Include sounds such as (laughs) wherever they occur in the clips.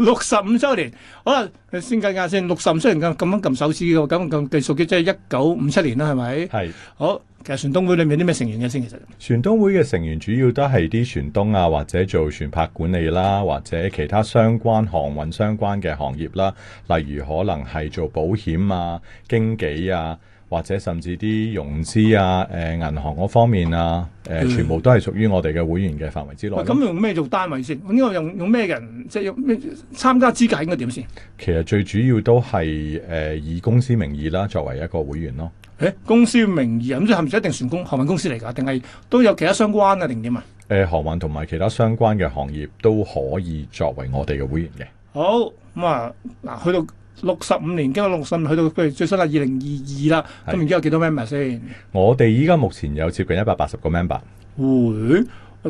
六十五周年，好啦，先計下先。六十五周年咁咁樣撳手指嘅，咁咁計數嘅，即係一九五七年啦，係咪？係是。好，其實船東會裏面啲咩成員嘅先？其實船東會嘅成員主要都係啲船東啊，或者做船舶管理啦，或者其他相關航運相關嘅行業啦，例如可能係做保險啊、經紀啊。或者甚至啲融資啊、誒、呃、銀行嗰方面啊、誒、呃、的全部都係屬於我哋嘅會員嘅範圍之內。咁、嗯、用咩做單位先？呢個用用咩人？即係用咩參加資格應該點先？其實最主要都係誒、呃、以公司名義啦，作為一個會員咯。誒、欸、公司名義啊，咁即係唔一定船公航運公司嚟㗎，定係都有其他相關嘅定點啊？誒航、呃、運同埋其他相關嘅行業都可以作為我哋嘅會員嘅、嗯。好咁啊，嗱、嗯嗯、去到。六十五年，經過六十五去到譬如最新啦，二零二二啦，咁而家有幾多 member 先？我哋依家目前有接近一百八十個 member。會，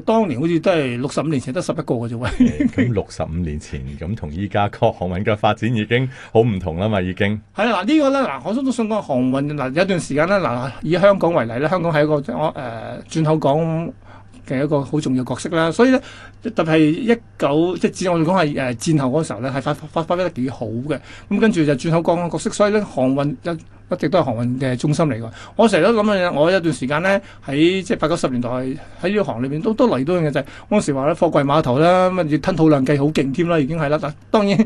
當年好似都係六十五年前得十一個嘅啫喎。咁六十五年前咁同依家航運嘅發展已經好唔同啦嘛，已經。係啦，嗱、這個、呢個咧嗱，我都都想講航運嗱，有一段時間咧嗱，以香港為例咧，香港係一個我誒、呃、轉口港。嘅一個好重要角色啦，所以咧特別係一九即係只我哋講係誒戰後嗰時候咧，係發發發揮得幾好嘅。咁跟住就轉口港嘅角色，所以咧航運一。一直都係航運嘅中心嚟㗎，我成日都諗嘅嘢，我有段時間咧喺即係八九十年代喺呢個行裏邊都都嚟到嘅就係嗰陣時話咧貨櫃碼頭啦，咁啊吞吐量計好勁添啦，已經係啦。嗱當然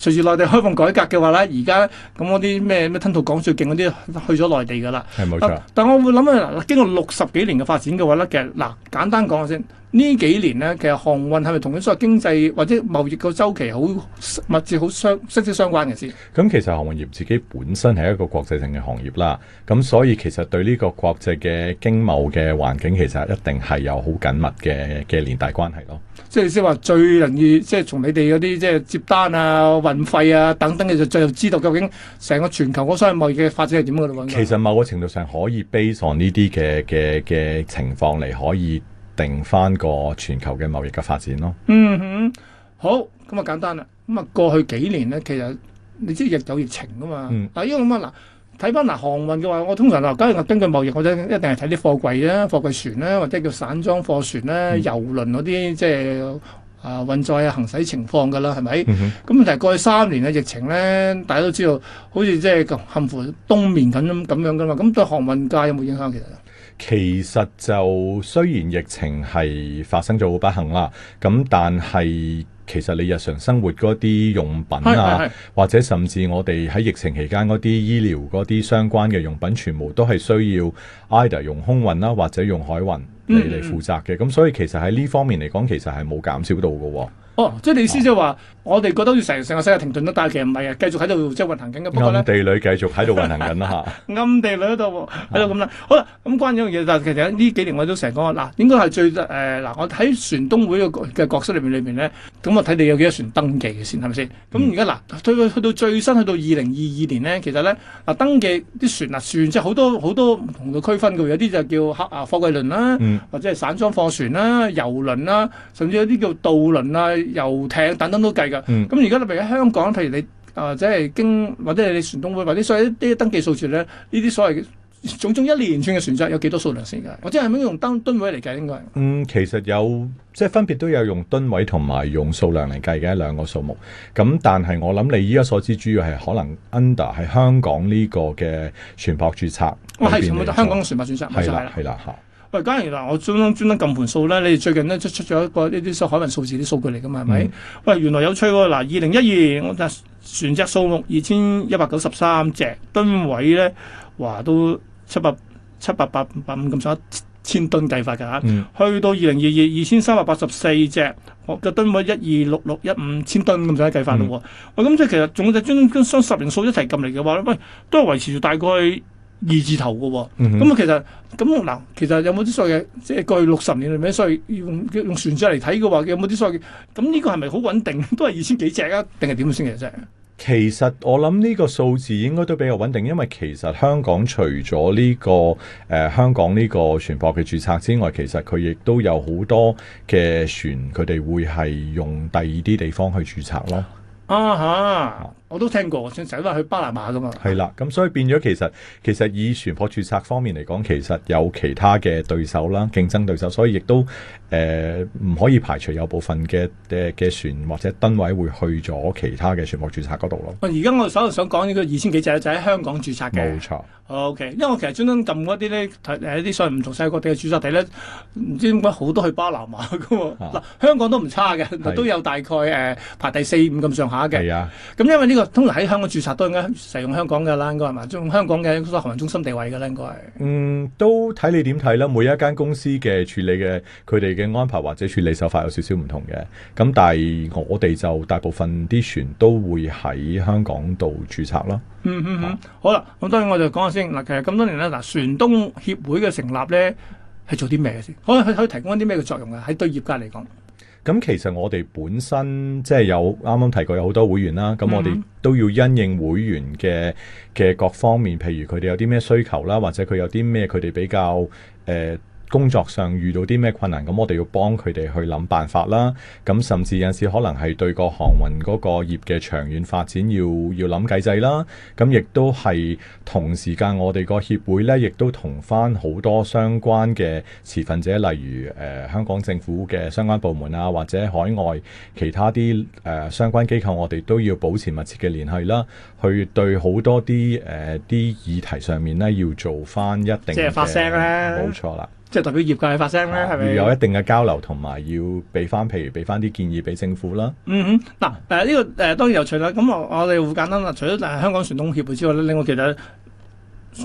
隨住內地開放改革嘅話咧，而家咁嗰啲咩咩吞吐港最勁嗰啲去咗內地㗎啦。係冇錯。啊，但我會諗啊，嗱經過六十幾年嘅發展嘅話咧，其實嗱簡單講下先。呢幾年呢，其實航運係咪同佢所謂經濟或者貿易個周期好密切、好相息息相關嘅事？咁其實航運業自己本身係一個國際性嘅行業啦，咁所以其實對呢個國際嘅經貿嘅環境，其實一定係有好緊密嘅嘅連帶關係咯。即係意思話最容易，即係從你哋嗰啲即係接單啊、運費啊等等嘅，就最就知道究竟成個全球嗰個商貿嘅發展係點樣。其實某個程度上可以 base on 呢啲嘅嘅嘅情況嚟可以。定翻個全球嘅貿易嘅發展咯。嗯哼，好，咁啊簡單啦。咁啊過去幾年咧，其實你知亦有疫情噶嘛。嗱、嗯，因為咁嗱，睇翻嗱航運嘅話，我通常落街我根據貿易，我真一定係睇啲貨櫃咧、貨櫃船啦，或者叫散裝貨船啦，油、嗯、輪嗰啲，即係啊運載啊行駛情況噶啦，係咪？咁、嗯、哼但係過去三年嘅疫情咧，大家都知道，好似即係近乎冬眠咁咁樣噶嘛。咁對航運界有冇影響其實？其實就雖然疫情係發生咗好不幸啦，咁但係其實你日常生活嗰啲用品啊， (noise) 或者甚至我哋喺疫情期間嗰啲醫療嗰啲相關嘅用品，全部都係需要 either 用空運啦、啊，或者用海運嚟嚟負責嘅。咁、嗯嗯、所以其實喺呢方面嚟講，其實係冇減少到嘅、啊。哦，即係意思即係話。啊我哋覺得要成成個世界停頓咗，但係其實唔係啊，繼續喺度即係運行緊嘅。不過咧，暗地裏繼續喺度運行緊啦嚇。 (laughs) 暗地裏喺度喺度咁啦。好啦，咁、嗯、關於樣嘢，但係其實呢幾年我都成日講話嗱，應該係最誒嗱、呃，我喺船東會嘅角色裏面裏邊咧，咁、嗯、我睇你有幾多船登記嘅先係咪先？咁而家嗱，去去到最新去到二零二二年咧，其實咧嗱登記啲船嗱船，船即係好多好多唔同嘅區分嘅，有啲就叫客啊貨櫃輪啦，或者係散裝貨船啦、油輪啦，甚至有啲叫渡輪啊、遊艇等等都計。咁而家例如喺香港，譬如你啊，者、呃、係經或者係你船東會，或者所有啲登記數字咧，呢啲所謂嘅總總一連串嘅船隻有幾多數量先嘅？或者係咪用登噸位嚟計應該。嗯，其實有即係分別都有用噸位同埋用數量嚟計嘅兩個數目。咁但係我諗你依家所知主要係可能 under 係香港呢個嘅船舶註冊。哦，係，香港嘅船舶註冊。係啦，係啦，嚇。喂，假如嗱，我專登專登撳盤數咧，你哋最近咧出出咗一個呢啲所謂海運數字啲數據嚟噶嘛？係咪、嗯？喂，原來有趣喎嗱，二零一二我就船隻數目二千一百九十三隻，噸位咧，哇都七百七百八百五咁上下千千噸計法㗎嚇。嗯、去到二零二二二千三百八十四隻，我嘅噸位一二六六一五千噸咁上下計法咯。喂、嗯，咁即係其實總嘅專專雙十零數一齊撳嚟嘅話咧，喂，都係維持住大概。二字頭嘅喎、哦，咁啊、嗯、哼其實咁嗱，其實有冇啲所謂嘅，即係過去六十年裏面，所以用用船隻嚟睇嘅話，有冇啲所謂嘅？咁呢個係咪好穩定？都係二千幾隻啊？定係點先嘅啫？其實我諗呢個數字應該都比較穩定，因為其實香港除咗呢、這個誒、呃、香港呢個船舶嘅註冊之外，其實佢亦都有好多嘅船，佢哋會係用第二啲地方去註冊咯。啊哈！我都聽過，成日都話去巴拿馬㗎嘛。係啦，咁所以變咗其實其實以船舶註冊方面嚟講，其實有其他嘅對手啦，競爭對手，所以亦都誒唔、呃、可以排除有部分嘅嘅嘅船或者噸位會去咗其他嘅船舶註冊嗰度咯。而家我哋首先想講呢個二千幾隻就喺香港註冊嘅。冇錯。OK，因為我其實專登撳嗰啲咧，誒啲所謂唔同世界各地嘅註冊地咧，唔知點解好多去巴拿馬㗎。嗱、啊，香港都唔差嘅，的都有大概誒、呃、排第四五咁上下嘅。係啊的。咁因為呢、呢個通常喺香港註冊都應該使用香港嘅啦，應該係嘛？用香港嘅海洋中心地位嘅咧，應該係。嗯，都睇你點睇啦。每一間公司嘅處理嘅佢哋嘅安排或者處理手法有少少唔同嘅。咁但係我哋就大部分啲船都會喺香港度註冊咯、嗯。嗯嗯、啊、好啦，咁當然我就講下先嗱。其實咁多年咧，嗱船東協會嘅成立咧係做啲咩嘅先？可以可以提供一啲咩嘅作用啊？喺對業界嚟講。咁其實我哋本身即係有啱啱提過有好多會員啦，咁我哋都要因應會員嘅嘅各方面，譬如佢哋有啲咩需求啦，或者佢有啲咩佢哋比較誒。呃工作上遇到啲咩困難，咁我哋要幫佢哋去諗辦法啦。咁甚至有陣時可能係對個航運嗰個業嘅長遠發展要要諗計仔啦。咁亦都係同時間，我哋個協會呢，亦都同翻好多相關嘅持份者，例如誒、呃、香港政府嘅相關部門啊，或者海外其他啲誒、呃、相關機構，我哋都要保持密切嘅聯繫啦。去對好多啲誒啲議題上面呢，要做翻一定嘅即係發聲咧，冇錯啦。即係代表業界發聲咧，係咪？要有一定嘅交流，同埋要俾翻，譬如俾翻啲建議俾政府啦。嗯哼、嗯，嗱誒呢個誒、呃、當然有趣啦。咁我我哋會簡單啦。除咗但係香港船東協會之外咧，另外其實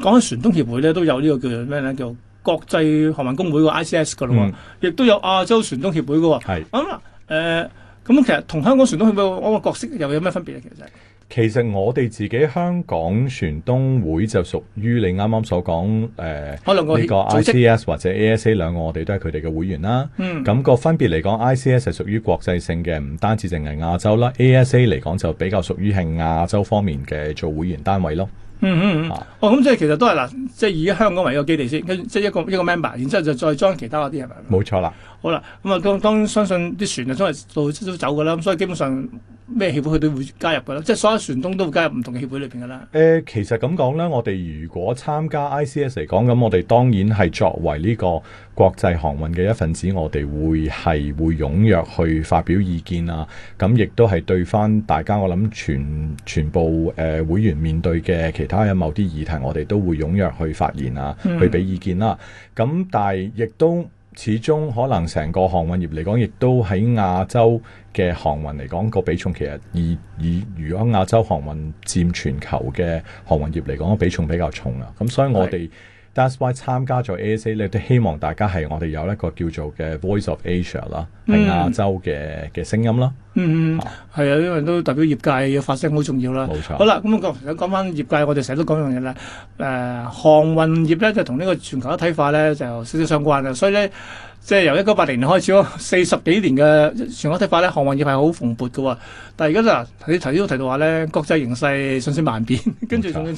講起船東協會咧，都有呢個叫做咩咧？叫國際航運公會個 ICS 個咯喎，亦、嗯、都有亞洲船東協會個喎。咁啦是，誒咁、嗯呃嗯、其實同香港船東協會嗰個角色又有咩分別啊？其實。其實我哋自己香港船東會就屬於你啱啱所講誒呢個，個 ICS 或者 ASA 兩個，我哋都係佢哋嘅會員啦。感、嗯、個分別嚟講，ICS 係屬於國際性嘅，唔單止淨係亞洲啦。ASA 嚟講就比較屬於係亞洲方面嘅做會員單位咯。嗯嗯嗯。嗯嗯啊、哦，咁即係其實都係嗱，即、就、係、是、以香港為一個基地先，跟即係一個一個 member，然之後就再裝其他嗰啲係咪？冇錯啦。好啦，咁啊，當當相信啲船啊真係到都走㗎啦，咁所以基本上。咩協會佢都會加入㗎啦，即係所有船東都會加入唔同嘅協會裏邊㗎啦。誒、呃，其實咁講咧，我哋如果參加 ICS 嚟講，咁我哋當然係作為呢個國際航運嘅一份子，我哋會係會踴躍去發表意見啊。咁亦都係對翻大家，我諗全全部誒、呃、會員面對嘅其他嘅某啲議題，我哋都會踴躍去發言啊，嗯、去俾意見啦、啊。咁但係亦都。始終可能成個航運業嚟講，亦都喺亞洲嘅航運嚟講個比重，其實以以如果亞洲航運佔全球嘅航運業嚟講個比重比較重啦、啊。咁所以我哋是 That's why 參加咗 ASA 咧，都希望大家係我哋有一個叫做嘅 Voice of Asia 啦，係亞、嗯、洲嘅嘅聲音啦。嗯嗯，係啊，因為都代表業界嘅發聲好重要啦。冇錯錯。好啦，咁我講翻業界，我哋成日都講樣嘢啦。誒、呃，航運業咧就同呢個全球一體化咧就少少相關啊。所以咧，即係由一九八零年開始咯，四十幾年嘅全球一體化咧，航運業係好蓬勃嘅喎、哦。但係而家就嗱，你頭先都提到話咧，國際形勢瞬息萬變，跟住仲要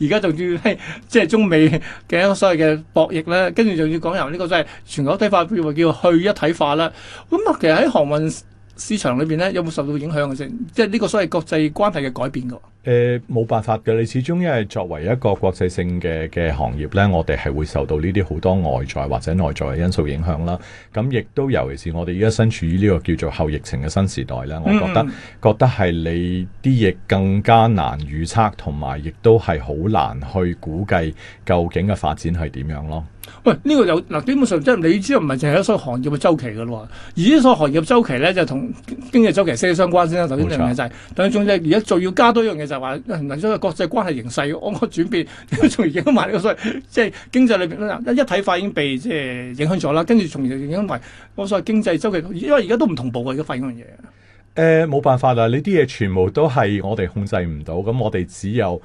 而家仲要即係中美嘅所謂嘅博弈咧，跟住仲要講由呢個即係全球一體化變為叫去一體化啦。咁啊，其實喺航運。市場裏邊咧有冇受到影響啊？先，即係呢個所謂國際關係嘅改變噶。誒、呃，冇辦法嘅，你始終因為作為一個國際性嘅嘅行業咧，我哋係會受到呢啲好多外在或者內在嘅因素影響啦。咁亦都尤其是我哋而家身處於呢個叫做後疫情嘅新時代咧，我覺得、嗯、覺得係你啲嘢更加難預測，同埋亦都係好難去估計究竟嘅發展係點樣咯。喂，呢、這個有，嗱，基本上即係、就是、你知，唔係淨係一所行業嘅周期嘅咯，而呢所行業周期咧就同、是、經濟周期息息相關先啦。首先錯就係就係，等中而家仲要加多一樣嘢就係話，因為、這個、所以國際關係形勢嘅安可轉變，從而影響埋呢個，即係經濟裏邊一體化已經被即係、就是、影響咗啦，跟住從而影響埋我所謂經濟周期，因為而家都唔同步嘅，而家發現呢樣嘢。誒，冇、呃、辦法啦，呢啲嘢全部都係我哋控制唔到，咁我哋只有。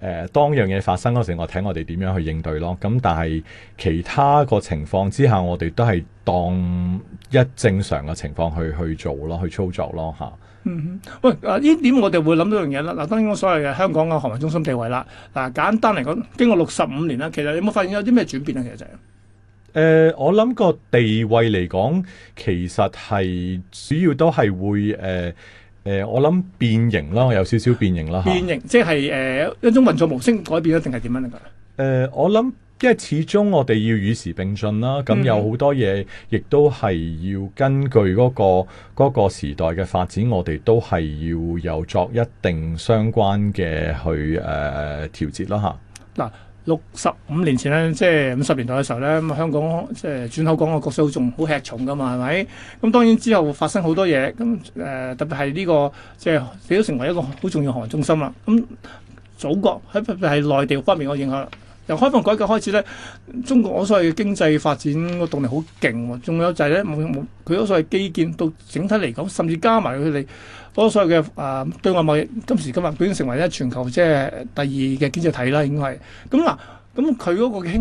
誒、呃，當樣嘢發生嗰時，我睇我哋點樣去應對咯。咁但係其他個情況之下，我哋都係當一正常嘅情況去去做咯，去操作咯嚇。嗯哼，喂，啊，呢點我哋會諗到樣嘢啦。嗱、啊，當然我所謂嘅香港嘅航運中心地位啦。嗱、啊，簡單嚟講，經過六十五年啦，其實你有冇發現有啲咩轉變咧、啊？其實就係，誒，我諗個地位嚟講，其實係主要都係會誒。呃誒、呃，我諗變形啦，有少少變形啦吓。變型即係誒、呃、一種運作模式改變咗，定係點樣嚟噶？誒、呃，我諗，因為始終我哋要與時並進啦，咁有好多嘢，嗯、亦都係要根據嗰個嗰個時代嘅發展，我哋都係要有作一定相關嘅去誒調節啦吓。嗱。六十五年前咧，即係五十年代嘅時候咧，咁香港即係轉口港嘅角色好重，好吃重㗎嘛，係咪？咁當然之後發生好多嘢，咁、呃、誒特別係呢、這個即係亦都成為一個好重要航運中心啦。咁、嗯、祖國喺特別係內地方面嘅影響，由開放改革開始咧，中國我所謂嘅經濟發展個動力好勁喎，仲有就係咧冇冇佢所謂基建，到整體嚟講，甚至加埋佢哋。所有嘅誒對外貿易，今時今日已經成為咧全球即係、呃、第二嘅經濟體啦，應該係咁嗱。咁佢嗰個興起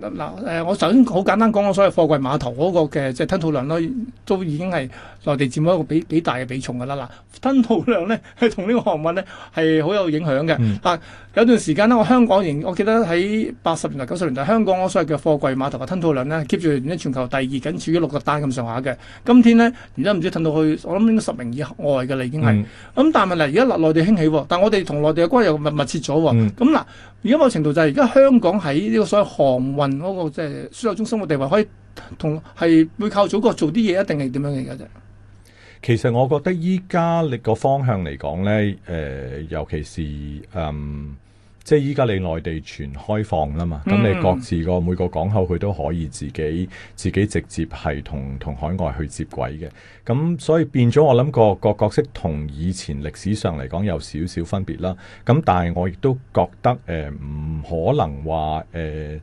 嗱誒、呃呃，我首先好簡單講講所謂貨櫃碼頭嗰個嘅即係吞吐量咯，都已經係內地佔咗一個比幾大嘅比重㗎啦。嗱，吞吐量咧係同呢個航運咧係好有影響嘅、嗯、啊。有段時間呢，我香港仍我記得喺八十年代、九十年代，香港我所謂嘅貨櫃碼頭嘅吞吐量呢 keep 住全球第二，僅次於六個單咁上下嘅。今天呢，而家唔知褪到去，我諗應該十名以外嘅啦，已經係。咁、嗯嗯、但係問而家落內地興起，但我哋同內地嘅關係又密密切咗。咁嗱、嗯，而家某程度就係而家香港喺呢個所謂航運嗰、那個即係、就是、輸入中心嘅地位，可以同係背靠祖國做啲嘢，一定係點樣嘅啫？其實我覺得依家你個方向嚟講呢，誒、呃，尤其是嗯。即係依家你內地全開放啦嘛，咁、嗯、你各自個每個港口佢都可以自己自己直接係同同海外去接軌嘅，咁所以變咗我諗個個角色同以前歷史上嚟講有少少分別啦。咁但係我亦都覺得誒唔、呃、可能話誒。呃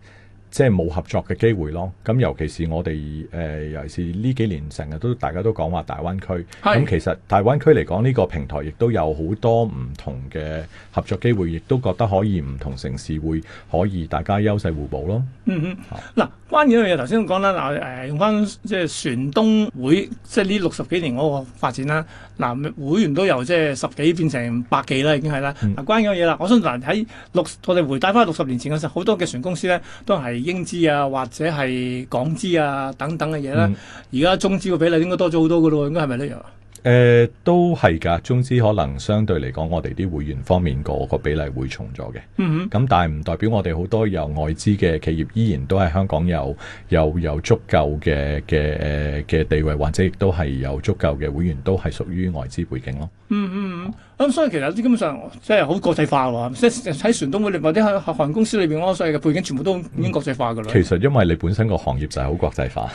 即係冇合作嘅機會咯。咁尤其是我哋誒、呃，尤其是呢幾年成日都大家都講話大灣區。咁是、嗯、其實大灣區嚟講，呢、這個平台亦都有好多唔同嘅合作機會，亦都覺得可以唔同城市會可以大家優勢互補咯。嗯嗯。嗱、嗯啊啊，關於呢樣嘢頭先都講啦。嗱、呃、誒，用翻即係船東會，即係呢六十幾年嗰個發展啦。嗱、啊，會員都由即係十幾變成百幾啦，已經係啦。嗱、嗯，關於呢樣嘢啦。我相信嗱喺六，我哋回帶翻六十年前嘅時候，好多嘅船公司咧都係。英資啊，或者係港資啊，等等嘅嘢啦。而家、嗯、中資個比例應該多咗好多噶咯，應該係咪呢樣？誒、呃，都係㗎，中資可能相對嚟講，我哋啲會員方面個個比例會重咗嘅。嗯哼、嗯，咁但係唔代表我哋好多有外資嘅企業依然都係香港有有有足夠嘅嘅誒嘅地位，或者亦都係有足夠嘅會員都係屬於外資背景咯。嗯，嗯嗯。咁、嗯、所以其實基本上即係好國際化喎，即係喺船東裏面或者喺航運公司裏邊嗰所有嘅背景全部都已經國際化噶啦、嗯。其實因為你本身個行業就係好國際化，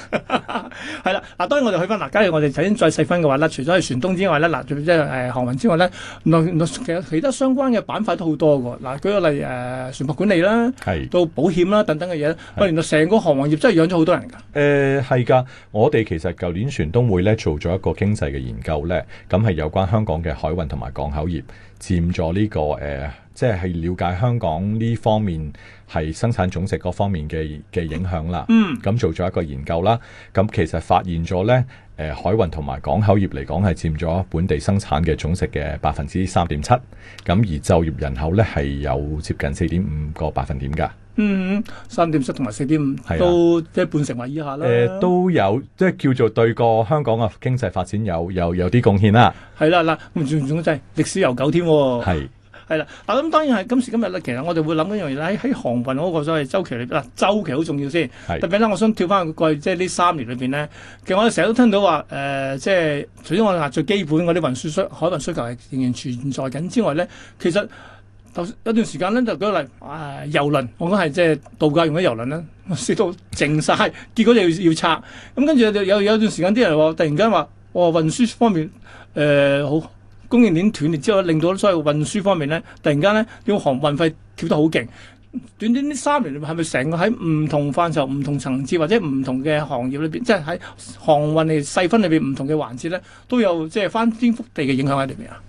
係啦。 (laughs) (laughs) 嗱當然我哋去翻嗱，假如我哋首先再細分嘅話咧，除咗係船東之外咧，嗱即係誒航運之外咧，另、呃、另其，其他相關嘅板塊都好多嘅。嗱舉個例誒、呃，船舶管理啦，的到保險啦等等嘅嘢咧，哇的原來成個航運業真係養咗好多人㗎。誒係㗎，我哋其實舊年船東會咧做咗一個經濟嘅研究咧，咁係有關香港嘅海運同埋港口業佔咗呢個誒、呃，即係了解香港呢方面係生產總值各方面嘅嘅影響啦。嗯，咁做咗一個研究啦，咁其實發現咗呢，誒、呃，海運同埋港口業嚟講係佔咗本地生產嘅總值嘅百分之三點七，咁而就業人口呢，係有接近四點五個百分點噶。嗯，三點七同埋四點五、啊、都即係半成或以下啦。誒、呃、都有，即係叫做對個香港嘅經濟發展有有有啲貢獻啦。係啦，嗱，仲仲即係歷史悠久添。係係是啦，嗱、嗯，咁當然係今時今日咧，其實我哋會諗一樣嘢，喺喺航運嗰個所謂周期裏邊，嗱、啊、週期好重要先。是特別咧，我想跳翻過去，即係呢三年裏邊咧，其實我哋成日都聽到話誒、呃、即係，除咗我哋話最基本嗰啲運輸需海運需求係仍然存在緊之外咧，其實。有有段時間咧，就舉例誒遊輪，我講係即係度假用嘅遊輪咧，蝕到淨曬，結果就要要拆。咁跟住有有有段時間啲人話，突然間話，我、哦、運輸方面誒、呃、好供應鏈斷裂之後，令到所有運輸方面咧，突然間咧，啲航運費跳得好勁。短短呢三年裏面，係咪成個喺唔同範疇、唔同層次或者唔同嘅行業裏邊，即係喺航運嘅細分裏邊唔同嘅環節咧，都有即係翻天覆地嘅影響喺裏面啊？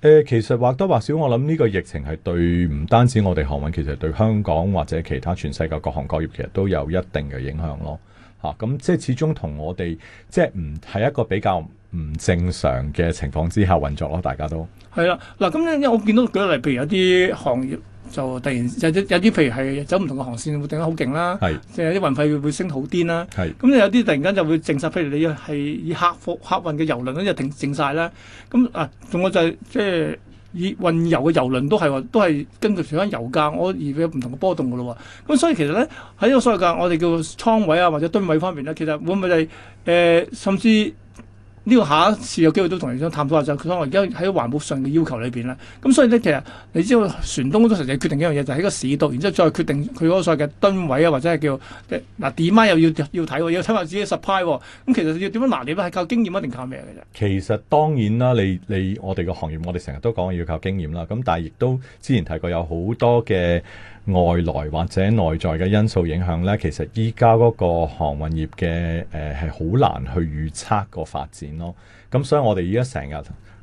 誒、呃，其實或多或少，我諗呢個疫情係對唔單止我哋航運，其實係對香港或者其他全世界各行各業，其實都有一定嘅影響咯。吓、啊，咁、嗯嗯嗯嗯嗯、即係始終同我哋即係唔係一個比較唔正常嘅情況之下運作咯。大家都係啦，嗱、啊，咁我見到舉例，譬如有啲行業。就突然有啲有啲，譬如係走唔同嘅航線會定得好勁啦，即係啲運費會升好癲啦。咁是有啲突然間就會淨曬，譬如你係以客貨客運嘅郵輪咧就定淨晒啦。咁啊，仲有就係、是、即係以運油嘅郵輪都係話都係根據上翻油價，我而有唔同嘅波動噶咯。咁所以其實咧喺呢個所謂我所謂嘅我哋叫倉位啊或者噸位方面咧，其實會唔會就係誒甚至？呢個下一次有機會都同你想探討下，就佢可能而家喺環保上嘅要求裏邊咧。咁所以咧，其實你知道船東都實際決定一樣嘢，就喺、是、個市度，然之後再決定佢嗰個所謂嘅噸位啊，或者係叫即 demand 啊，又要要睇，要睇下、哦、自己嘅 supply。咁、嗯、其實要點樣拿捏咧，係靠經驗啊，定靠咩嘅啫？其實當然啦，你你我哋個行業，我哋成日都講要靠經驗啦。咁但係亦都之前提過有，有好多嘅。外來或者內在嘅因素影響咧，其實依家嗰個航運業嘅誒係好難去預測個發展咯。咁、嗯、所以我哋而家成日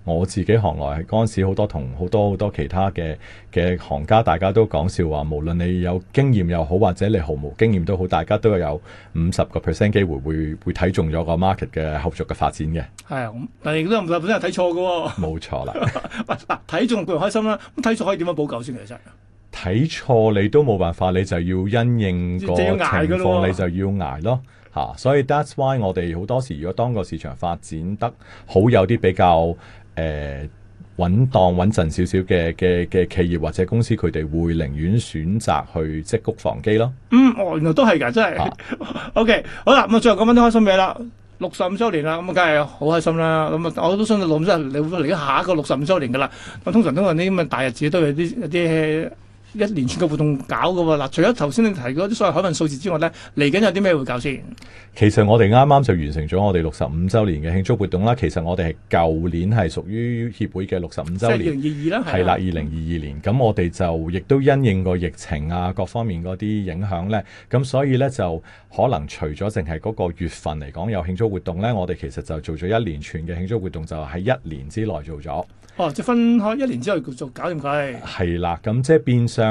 我自己行內係嗰陣時好多同好多好多其他嘅嘅行家，大家都講笑話，無論你有經驗又好，或者你毫無經驗都好，大家都有五十個 percent 機會會會睇中咗個 market 嘅後續嘅發展嘅。係啊，但係亦都唔係本身係睇錯嘅喎。冇錯啦，睇、 (laughs) 啊、中固然開心啦、啊，咁睇錯可以點樣補救先其實？睇錯你都冇辦法，你就要因應個情況，就捱你就要捱咯嚇、啊。所以 that's why 我哋好多時，如果當個市場發展得好，有啲比較誒、呃、穩當、穩陣少少嘅嘅嘅企業或者公司，佢哋會寧願選擇去積穀防饑咯。嗯，哦，原來都係㗎，真係。啊、 (laughs) o、okay, K，好啦，咁、嗯、啊，最後講返啲開心嘢啦，六十五週年啦，咁啊，梗係好開心啦。咁啊，我都相信六十五週年嚟到嚟緊下一個六十五週年㗎啦。咁通常都係呢啲咁嘅大日子都有啲一啲。一一連串嘅活動搞嘅喎嗱，除咗頭先你提嗰啲所謂海運數字之外呢，嚟緊有啲咩會搞先？其實我哋啱啱就完成咗我哋六十五週年嘅慶祝活動啦。其實我哋係舊年係屬於協會嘅六十五週年，即係二零二二啦。係啦，二零二二年，咁我哋就亦都因應個疫情啊，各方面嗰啲影響呢。咁所以呢，就可能除咗淨係嗰個月份嚟講有慶祝活動呢，我哋其實就做咗一連串嘅慶祝活動，就喺一年之內做咗。哦，即係分開一年之後叫做搞掂佢。係、啊、啦，咁即係變相。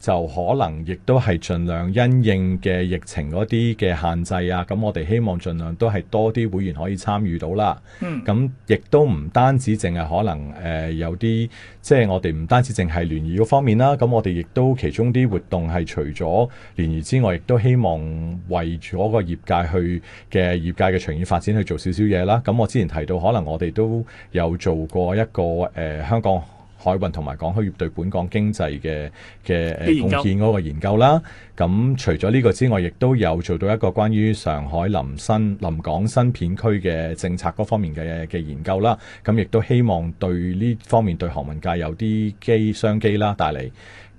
就可能亦都係盡量因應嘅疫情嗰啲嘅限制啊，咁我哋希望盡量都係多啲會員可以參與到啦。嗯，咁亦都唔單止淨係可能誒、呃、有啲，即係我哋唔單止淨係聯誼嗰方面啦。咁我哋亦都其中啲活動係除咗聯誼之外，亦都希望為咗個業界去嘅業界嘅長遠發展去做少少嘢啦。咁我之前提到，可能我哋都有做過一個誒、呃、香港。海運同埋港區業對本港經濟嘅嘅誒貢獻嗰個研究啦，咁除咗呢個之外，亦都有做到一個關於上海林新林港臨新臨港新片區嘅政策嗰方面嘅嘅研究啦，咁亦都希望對呢方面對航運界有啲機商機啦，帶嚟。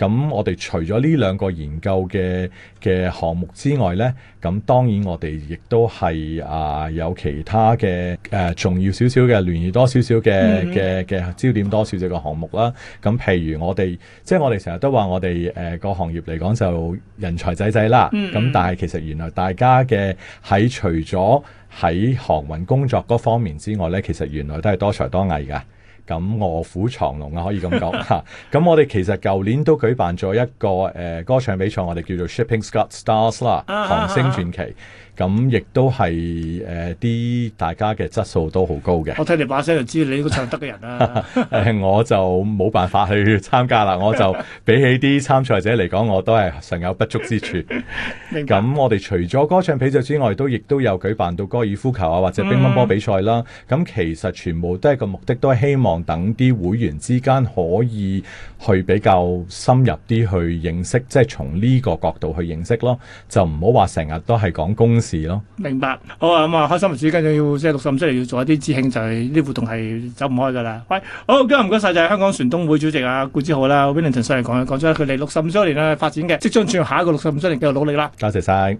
咁我哋除咗呢兩個研究嘅嘅項目之外呢，咁當然我哋亦都係啊有其他嘅誒、啊、重要少少嘅聯誼多少少嘅嘅嘅焦點多少少嘅項目啦。咁譬如我哋即係我哋成日都話我哋誒個行業嚟講就人才濟濟啦。咁、mm hmm. 但係其實原來大家嘅喺除咗喺航運工作嗰方面之外呢，其實原來都係多才多藝㗎。咁臥虎藏龍啊，可以咁講嚇。咁 (laughs) 我哋其實舊年都舉辦咗一個誒、呃、歌唱比賽，我哋叫做 Shipping Scott Stars 啦，韓、啊、星傳奇。啊啊啊咁亦都係誒啲大家嘅質素都好高嘅。我睇你把聲就知道你都唱得嘅人啦，啊。誒 (laughs) (laughs) 我就冇辦法去參加啦。 (laughs) 我就比起啲參賽者嚟講，我都係尚有不足之處。明白。咁我哋除咗歌唱比賽之外，都亦都有舉辦到高爾夫球啊，或者乒乓波比賽啦。咁、嗯、其實全部都係個目的，都係希望等啲會員之間可以去比較深入啲去認識，即係從呢個角度去認識咯。就唔好話成日都係講公司。明白，好啊咁啊，開心啊！跟住要即係六十五周年，要做一啲致慶，就係呢活動係走唔開噶啦。喂、哎，好，今日唔該晒，就係香港船東會主席啊顧之灝啦。Winston 上嚟講，講咗佢哋六十五周年啊發展嘅，即將進入下一個六十五周年，繼續努力啦。多謝晒。